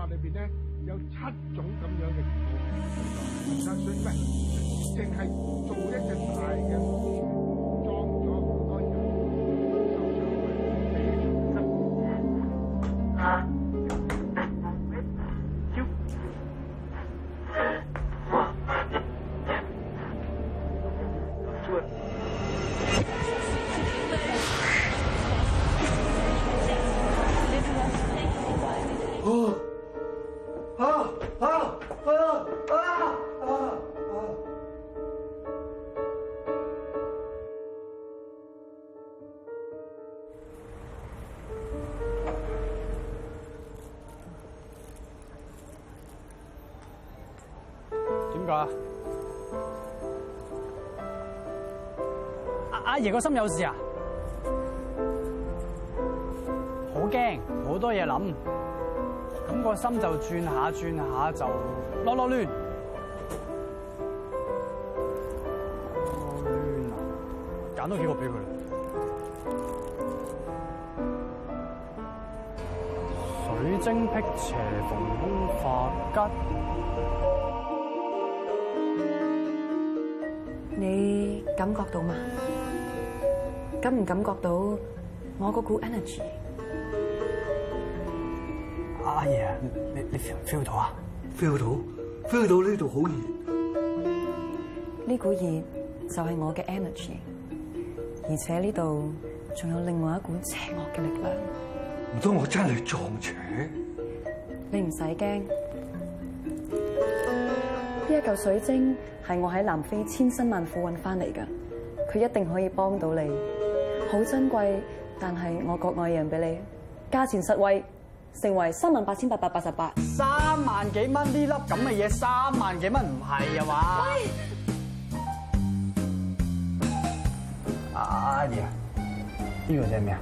話裏邊咧有七種咁樣嘅嘢，但係淨係做一隻大嘅，裝咗好多嘢。啊，啊，喐，哇，出嚟！阿阿爺個心有事啊，好驚，好多嘢諗，咁個心就轉下轉下就撈撈亂，撈亂啊。揀多幾個俾佢喇。水晶辟邪逢凶化吉。你感覺到嗎？感唔感覺到我嗰股 energy？阿爺啊，你你 feel 唔 feel 到啊？feel 到，feel 到呢度好熱，呢股熱就係我嘅 energy，而且呢度仲有另外一股邪惡嘅力量。唔通我真係撞邪？你唔使驚。呢一嚿水晶係我喺南非千辛萬苦揾翻嚟噶，佢一定可以幫到你。好珍貴，但係我國外讓俾你，價錢實惠，成為三萬八千八百八十八。三萬幾蚊呢粒咁嘅嘢？三萬幾蚊唔係啊嘛？阿阿爺，呢個係咩啊？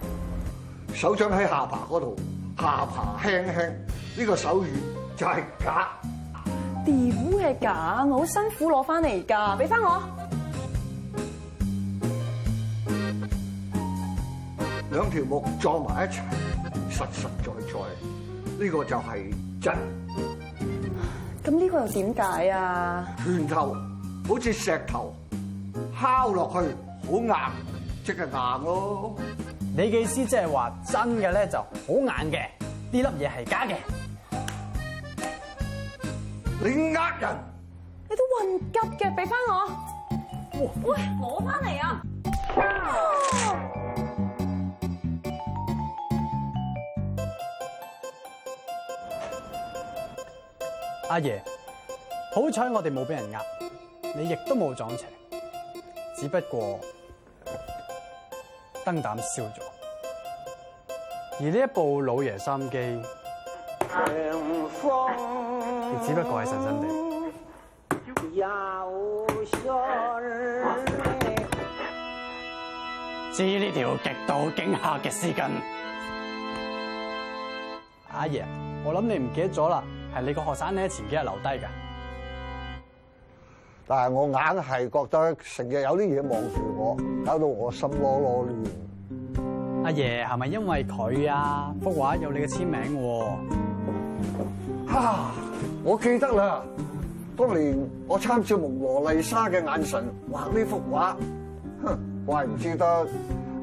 手掌喺下巴嗰度，下巴輕輕，呢、呢個手語就係假。二府係假，我好辛苦攞翻嚟㗎，俾翻我。兩條木撞埋一齊，實實在在，呢、這個就係真。咁呢個又點解啊？拳頭好似石頭，敲落去好硬，即係硬咯。你嘅意思即係話真嘅咧就好硬嘅，呢粒嘢係假嘅。你呃人？你都混吉嘅，俾翻我。喂，攞翻嚟啊！阿爺，好彩我哋冇俾人呃，你亦都冇撞邪，只不過燈膽燒咗。而呢一部老爺心機。啊方只不過係神神地。至於呢條極度驚嚇嘅絲巾。阿爺，我諗你唔記得咗啦，係你個學生咧前幾日留低㗎。但係我硬係覺得成日有啲嘢望住我，搞到我心囉囉攣。阿爺，係咪因為佢啊？幅畫有你嘅簽名喎、啊。哈、啊。我記得啦，當年我參照蒙娜麗莎嘅眼神畫呢幅畫，哼，怪唔之得呢，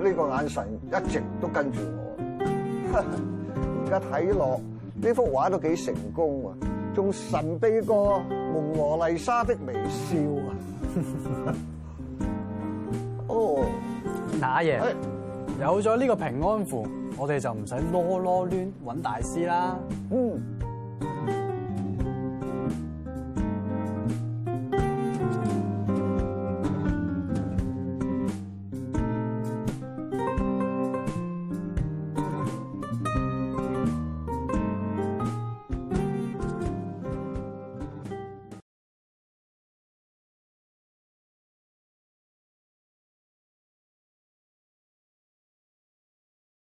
這個眼神一直都跟住我。而家睇落呢幅畫都幾成功啊，仲神秘過蒙娜麗莎的微笑啊！哦，哪樣？有咗呢個平安符，我哋就唔使囉囉攣揾大師啦。嗯。嗯